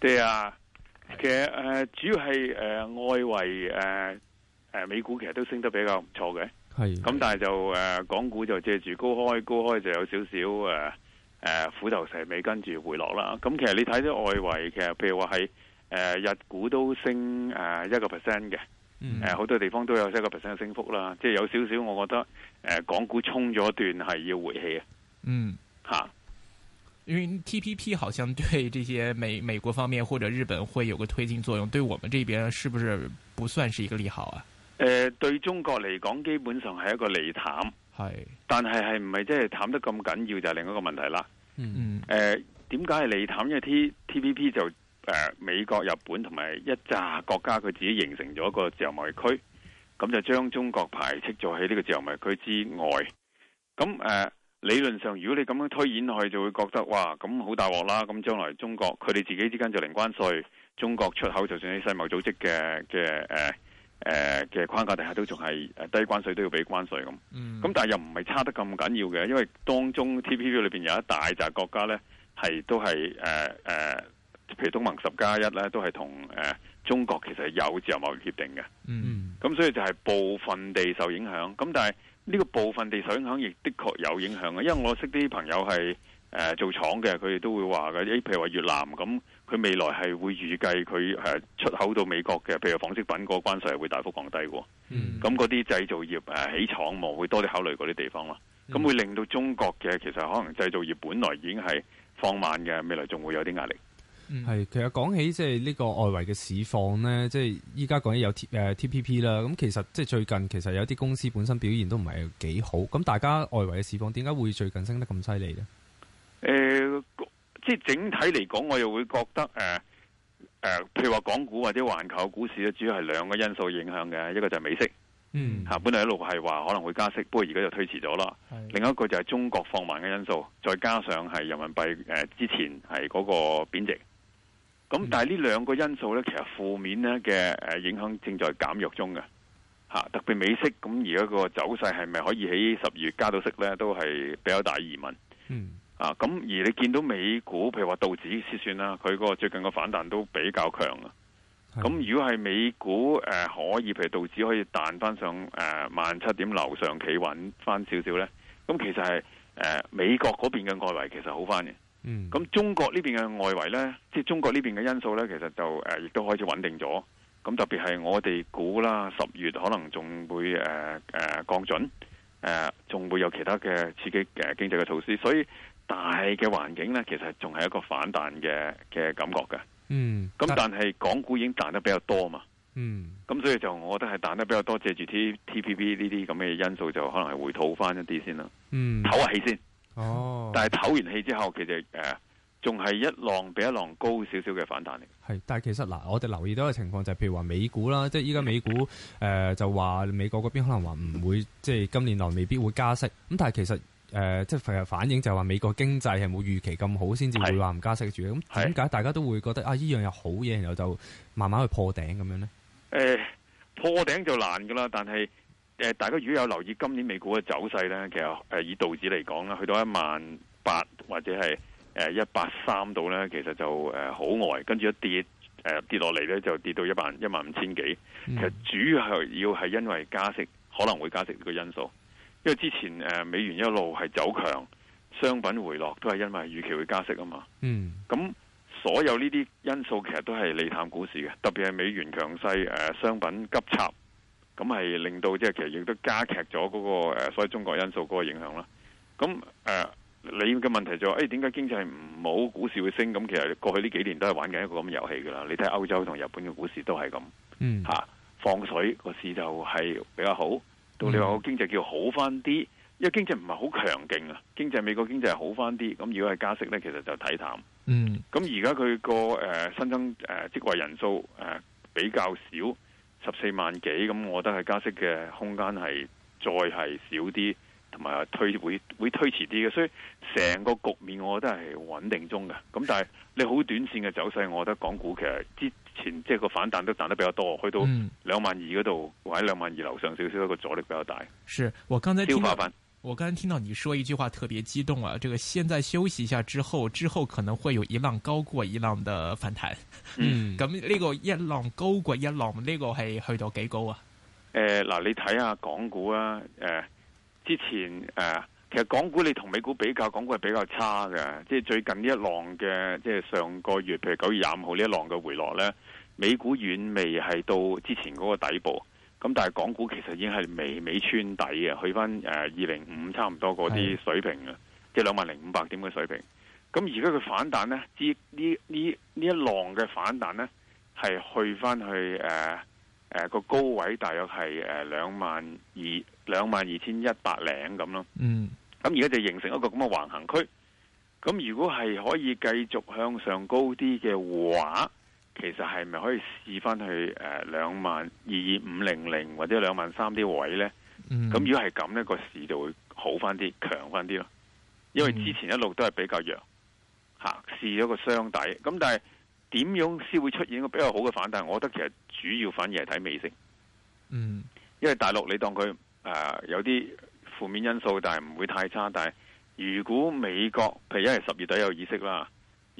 對啊，其實誒主要係誒、呃、外圍誒誒、呃、美股其實都升得比較唔錯嘅，係的，咁但係就誒、呃、港股就借住高開高開就有少少誒誒虎頭蛇尾跟住回落啦。咁其實你睇到外圍其實譬如話係誒日股都升誒一個 percent 嘅，誒、呃、好、嗯呃、多地方都有一個 percent 嘅升幅啦。即係有少少，我覺得誒、呃、港股衝咗段係要回氣的、嗯、啊，嗯，吓。因為 T P P 好像對這些美美國方面或者日本會有個推進作用，對我們這邊是不是不算是一個利好啊？誒，對中國嚟講，基本上係一個利淡，係是，但係係唔係即係淡得咁緊要就係、是、另一個問題啦。嗯嗯，誒、呃，點解係利淡？因為 T TPP 就誒、呃、美國、日本同埋一扎國家佢自己形成咗一個自由貿易區，咁就將中國排斥咗喺呢個自由貿易區之外，咁誒。呃理論上，如果你咁樣推演落去，就會覺得哇，咁好大鑊啦！咁將來中國佢哋自己之間就零關稅，中國出口就算喺世貿組織嘅嘅誒誒嘅框架底下，都仲係低關稅都要俾關稅咁。咁、嗯、但係又唔係差得咁緊要嘅，因為當中 TPP 裏邊有一大紮國家呢，係都係誒誒，譬如東盟十加一呢，都係同誒中國其實有自由貿易協定嘅。咁、嗯、所以就係部分地受影響。咁但係。呢個部分地水影響亦的確有影響嘅，因為我識啲朋友係誒、呃、做廠嘅，佢哋都會話嘅。譬如話越南咁，佢未來係會預計佢誒出口到美國嘅，譬如紡織品個關稅會大幅降低喎。咁嗰啲製造業誒起廠務會多啲考慮嗰啲地方啦。咁會令到中國嘅其實可能製造業本來已經係放慢嘅，未來仲會有啲壓力。係、嗯，其實講起即係呢個外圍嘅市況呢，即係依家講起有 T TPP、呃、啦。咁其實即係最近其實有啲公司本身表現都唔係幾好。咁大家外圍嘅市況點解會最近升得咁犀利呢？誒、呃，即係整體嚟講，我又會覺得誒誒、呃呃，譬如話港股或者環球股市咧，主要係兩個因素影響嘅，一個就係美息，嗯，嚇、啊、本來一路係話可能會加息，不過而家就推遲咗啦。的另一個就係中國放慢嘅因素，再加上係人民幣誒、呃、之前係嗰個貶值。咁、嗯、但係呢兩個因素咧，其實負面咧嘅影響正在減弱中嘅，特別美息，咁而家個走勢係咪可以喺十二月加到息咧，都係比較大疑問。嗯啊，咁而你見到美股譬如話道指先算啦，佢個最近個反彈都比較強啊。咁的如果係美股、呃、可以，譬如道指可以彈翻上誒萬七點樓上企穩翻少少咧，咁、嗯、其實係、呃、美國嗰邊嘅外圍其實好翻嘅。嗯，咁中國這邊的呢邊嘅外圍咧，即、就、係、是、中國呢邊嘅因素咧，其實就誒亦、呃、都開始穩定咗。咁特別係我哋估啦，十月可能仲會誒誒、呃呃、降準，誒、呃、仲會有其他嘅刺激嘅、呃、經濟嘅措施。所以大嘅環境咧，其實仲係一個反彈嘅嘅感覺嘅。嗯，咁但係港股已經彈得比較多嘛。嗯，咁所以就我覺得係彈得比較多，借住啲 T P P 呢啲咁嘅因素，就可能係回吐翻一啲先啦。嗯，唞下氣先。哦，但係唞完氣之後，其實誒仲係一浪比一浪高少少嘅反彈力。係，但係其實嗱、啊，我哋留意到嘅情況就係，譬如話美股啦，即係依家美股誒、呃、就話美國嗰邊可能話唔會，即係今年來未必會加息。咁但係其實誒、呃，即係反映就話美國經濟係冇預期咁好，先至會話唔加息住。咁點解大家都會覺得啊，依樣有好嘢，然後就慢慢去破頂咁樣呢，誒、呃，破頂就難噶啦，但係。誒，大家如果有留意今年美股嘅走勢咧，其實以道指嚟講咧，去到一萬八或者係一八三度咧，其實就誒好呆。跟住一跌跌落嚟咧，就跌到一萬一萬五千幾。其實主要係要係因為加息可能會加息呢個因素，因為之前美元一路係走強，商品回落都係因為預期會加息啊嘛。嗯，咁所有呢啲因素其實都係利淡股市嘅，特別係美元強勢、商品急插。咁係令到即係，其實亦都加劇咗嗰、那個誒，所謂中國因素嗰個影響啦。咁誒、呃，你嘅問題就係，誒，點解經濟唔好，股市會升？咁其實過去呢幾年都係玩緊一個咁嘅遊戲㗎喇。你睇下歐洲同日本嘅股市都係咁，嚇、嗯啊，放水個市就係比較好。到你話個經濟叫好返啲，因為經濟唔係好強勁啊。經濟美國經濟好返啲，咁如果係加息咧，其實就睇淡。嗯。咁而家佢個誒新增誒、呃、職位人數誒、呃、比較少。十四萬幾咁，我覺得係加息嘅空間係再係少啲，同埋推會會推遲啲嘅，所以成個局面我覺得係穩定中嘅。咁但係你好短線嘅走勢，我覺得港股其實之前即係個反彈都彈得比較多，去到兩萬二嗰度，或者兩萬二樓上少少一個阻力比較大。係我剛才消化翻。我剛才聽到你說一句話特別激動啊！這個現在休息一下之後，之後可能會有一浪高過一浪的反彈。嗯，咁呢、嗯、個一浪高過一浪呢、呢個係去到幾高啊？誒、呃，嗱，你睇下港股啊，誒、呃，之前誒、呃，其實港股你同美股比較，港股係比較差嘅。即係最近呢一浪嘅，即係上個月，譬如九月廿五號呢一浪嘅回落咧，美股遠未係到之前嗰個底部。咁但係港股其實已經係微微穿底嘅，去翻誒二零五差唔多嗰啲水平啊，即係兩萬零五百點嘅水平。咁而家佢反彈呢呢呢呢一浪嘅反彈呢，係去翻去呃呃個高位，大約係誒兩萬二兩萬二千一百零咁咯。呃、22，嗯，咁而家就形成一個咁嘅橫行區。咁如果係可以繼續向上高啲嘅話，其實係咪可以試翻去誒兩萬二二五零零或者兩萬三啲位呢？咁、嗯、如果係咁呢個市就會好翻啲、強翻啲咯。因為之前一路都係比較弱，試試咗個箱底。咁但係點樣先會出現一個比較好嘅反彈？我覺得其實主要反而係睇美息。嗯，因為大陸你當佢、呃、有啲負面因素，但係唔會太差。但係如果美國譬如因為十月底有議息啦。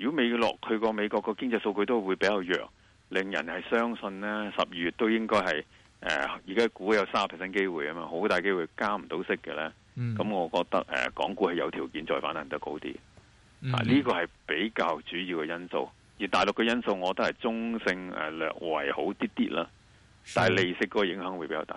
如果未落，去個美國個經濟數據都會比較弱，令人係相信呢十二月都應該係誒而家股有三十 percent 機會啊嘛，好大機會加唔到息嘅呢。咁、嗯、我覺得誒、呃，港股係有條件再反彈得高啲，啊呢、嗯嗯、個係比較主要嘅因素。而大陸嘅因素我覺、呃，我得係中性誒，略為好啲啲啦，的但係利息嗰個影響會比較大。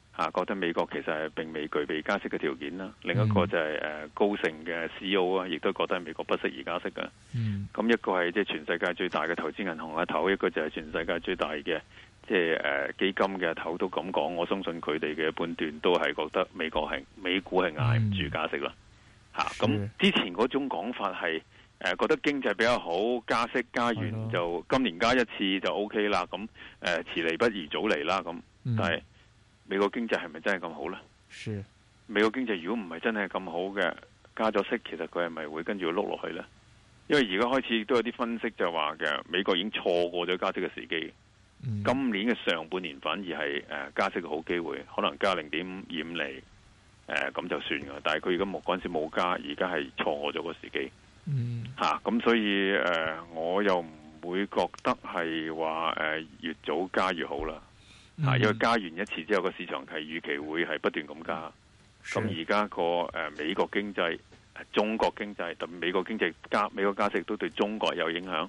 啊，覺得美國其實係並未具備加息嘅條件啦。另一個就係、是、誒、嗯呃、高盛嘅 CEO 啊，亦都覺得美國不適宜加息嘅。咁、嗯、一個係即係全世界最大嘅投資銀行嘅頭，一個就係全世界最大嘅即係誒基金嘅頭都咁講。我相信佢哋嘅判斷都係覺得美國係美股係捱唔住加息啦。嚇、嗯，咁、啊、之前嗰種講法係誒、呃、覺得經濟比較好，加息加完就，的就今年加一次就 O、OK、K 啦。咁誒遲嚟不宜早嚟啦。咁、嗯、但係。美國經濟係咪真係咁好呢？是美國經濟如果唔係真係咁好嘅，加咗息其實佢係咪會跟住碌落去呢？因為而家開始都有啲分析就話嘅，美國已經錯過咗加息嘅時機。嗯、今年嘅上半年反而係誒、呃、加息嘅好機會，可能加零點五厘誒咁就算噶。但係佢而家冇，嗰陣時冇加，而家係錯過咗個時機。吓咁、嗯啊、所以誒、呃、我又唔會覺得係話誒越早加越好啦。啊！因為加完一次之後，個市場係預期會係不斷咁加。咁而家個美國經濟、中國經濟，咁美國經濟加美國加息都對中國有影響，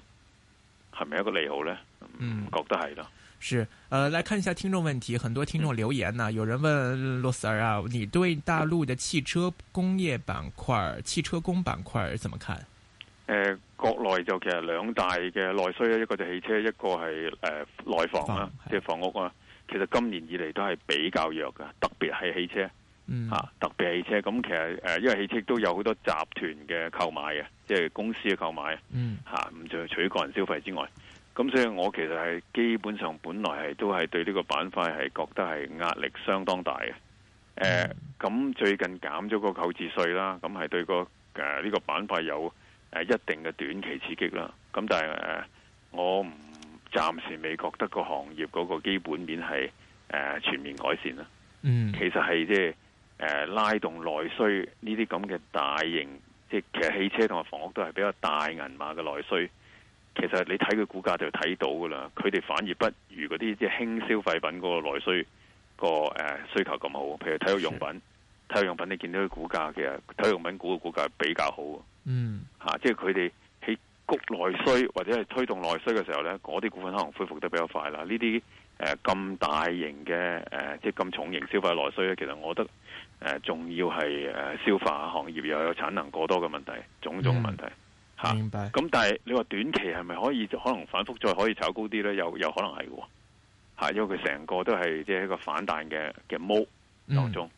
係咪一個利好咧？嗯，覺得係咯。是，誒、呃，來看一下聽眾問題。很多聽眾留言、啊嗯、有人問陸 Sir 啊，你對大陸嘅汽車工業板塊、汽車工板塊怎麼看？誒、呃，國內就其實兩大嘅內需咧，一個就汽車，一個係誒內房啊，房即係房屋啊。其實今年以嚟都係比較弱嘅，特別係汽車，吓、嗯、特別係汽車。咁其實誒、呃，因為汽車都有好多集團嘅購買，即係公司嘅購買，吓咁就除個人消費之外，咁所以我其實係基本上本來係都係對呢個板塊係覺得係壓力相當大嘅。誒、嗯、咁、呃、最近減咗個購置稅啦，咁係對個誒呢、呃這個板塊有誒一定嘅短期刺激啦。咁但係誒、呃，我唔。暫時未覺得個行業嗰個基本面係誒、呃、全面改善啦、啊。嗯，其實係即係誒拉動內需呢啲咁嘅大型，即、就、係、是、其實汽車同埋房屋都係比較大銀碼嘅內需。其實你睇佢股價就睇到㗎喇，佢哋反而不如嗰啲即係輕消費品嗰個內需、那個誒、呃、需求咁好。譬如體育用品，是體育用品你見到佢股價其實體育用品股嘅股價比較好。嗯，吓、啊，即係佢哋。谷內需或者係推動內需嘅時候咧，嗰啲股份可能恢復得比較快啦。呢啲誒咁大型嘅誒、呃，即係咁重型消費的內需咧，其實我覺得誒、呃、仲要係誒、呃、消化行業又有產能過多嘅問題，種種問題吓。咁但係你話短期係咪可以可能反覆再可以炒高啲咧？又有可能係嘅，吓、啊，因為佢成個都係即係一個反彈嘅嘅模當中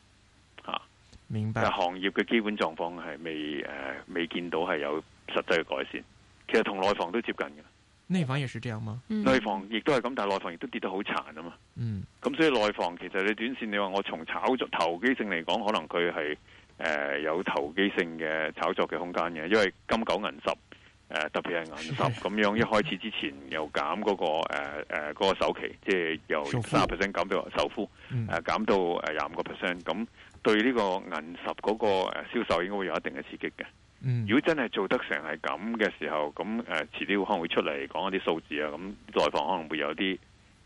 吓。嗯啊、明白。但係行業嘅基本狀況係未誒、呃、未見到係有實際嘅改善。其實同內房都接近嘅，內房也是這樣嗎？嗯、內房亦都係咁，但係內房亦都跌得好殘啊嘛。嗯，咁所以內房其實你短線你話我從炒作投機性嚟講，可能佢係誒有投機性嘅炒作嘅空間嘅，因為金九銀十誒、呃，特別係銀十咁是樣一開始之前又減嗰、那個誒誒個首期，即係由三十 percent 減到首受付誒、呃，減到誒廿五個 percent，咁對呢個銀十嗰個誒銷售應該會有一定嘅刺激嘅。嗯、如果真係做得成係咁嘅時候，咁誒，遲、呃、啲可能會出嚟講一啲數字啊。咁內房可能會有啲誒、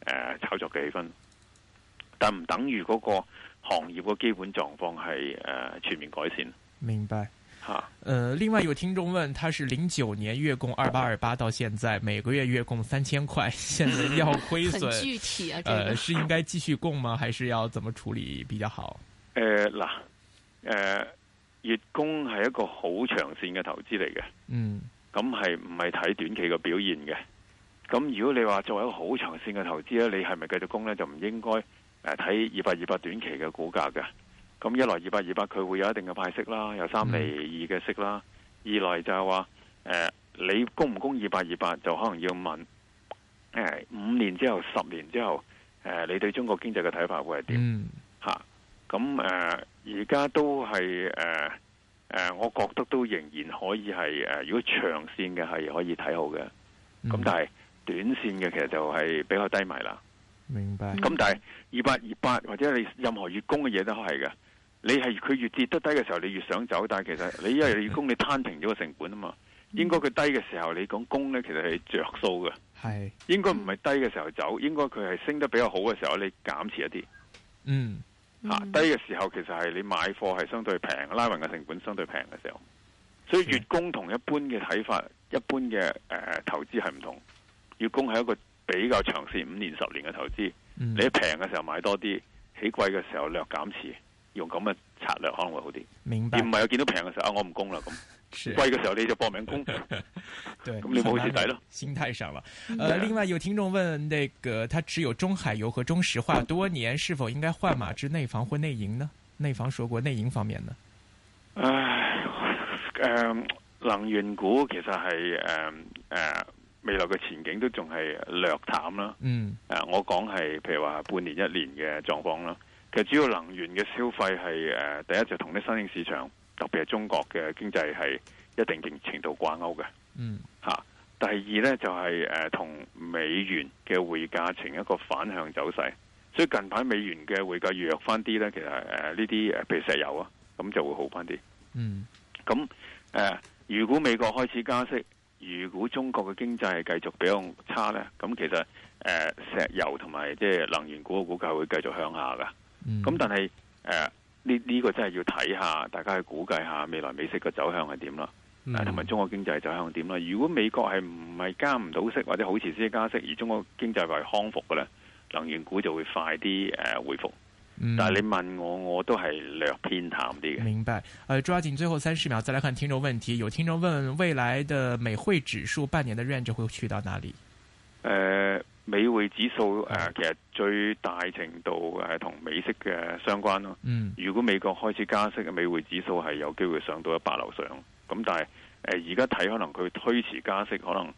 呃、炒作嘅氣氛，但唔等於嗰個行業嘅基本狀況係誒全面改善。明白吓。誒哈、呃，另外有聽眾問，他是零九年月供二八二八，到現在每個月月供三千塊，現在要虧損， 具體啊，誒、呃，是應該繼續供嗎？還是要怎麼處理比較好？誒嗱、呃，誒、呃。呃月供係一個好長線嘅投資嚟嘅，嗯，咁係唔係睇短期嘅表現嘅？咁如果你話作為一個好長線嘅投資咧，你係咪繼續供呢？就唔應該誒睇、呃、二百二百短期嘅股價嘅。咁一來二百二百佢會有一定嘅派息啦，有三厘二嘅息啦；嗯、二來就係話誒，你供唔供二百二百就可能要問誒、呃，五年之後、十年之後，誒、呃，你對中國經濟嘅睇法會係點？吓、嗯，咁誒、啊。而家都係誒誒，我覺得都仍然可以係誒、呃，如果長線嘅係可以睇好嘅。咁、嗯、但係短線嘅其實就係比較低迷啦。明白。咁但係二八二八或者你任何月供嘅嘢都係嘅。你係佢越跌得低嘅時候，你越想走。但係其實你因為月供，你攤平咗個成本啊嘛。應該佢低嘅時候，你講供咧，其實係着數嘅。係。應該唔係低嘅時候走，應該佢係升得比較好嘅時候，你減持一啲。嗯。低嘅時候，其實係你買貨係相對平，拉運嘅成本相對平嘅時候，所以月供同一般嘅睇法，一般嘅誒、呃、投資係唔同。月供係一個比較長線，五年、十年嘅投資，嗯、你喺平嘅時候買多啲，起貴嘅時候略減持，用咁嘅策略可能會好啲。明白。而唔係有見到平嘅時候啊，我唔供啦咁。貴嘅是時候你就搏命工 對，咁你冇錢睇咯。心態上了，呃、啊，嗯、另外有聽眾問，那個，他持有中海油和中石化多年，是否應該換馬至內房或內銀呢？內房說過，內銀方面呢？唉、哎，誒、呃，能源股其實係誒誒未來嘅前景都仲係略淡啦。嗯，誒、呃，我講係，譬如話半年一年嘅狀況啦。其實主要能源嘅消費係誒、呃，第一就是同啲新興市場特別係中國嘅經濟係一定程度掛鈎嘅，嗯嚇、啊。第二呢，就係誒同美元嘅匯價呈一個反向走勢，所以近排美元嘅匯價弱翻啲呢，其實誒呢啲誒譬如石油啊，咁就會好翻啲。嗯，咁誒、呃、如果美國開始加息，如果中國嘅經濟繼續比較差呢，咁其實誒、呃、石油同埋即係能源股嘅股價會繼續向下噶。咁、嗯、但係誒。呃呢呢個真係要睇下，大家去估計下未來美息嘅走向係點啦，同埋、嗯、中國經濟走向點啦。如果美國係唔係加唔到息或者好遲先加息，而中國經濟為康復嘅呢？能源股就會快啲誒回復。但係你問我，我都係略偏淡啲、嗯。明白。誒，抓緊最後三十秒，再來看聽眾問題。有聽眾問，問：未來的美匯指數半年的 range 會去到哪裏？誒、呃。美匯指數誒、呃，其實最大程度誒同美息嘅相關咯。嗯，如果美國開始加息，美匯指數係有機會上到一百樓上。咁但係誒，而家睇可能佢推遲加息，可能。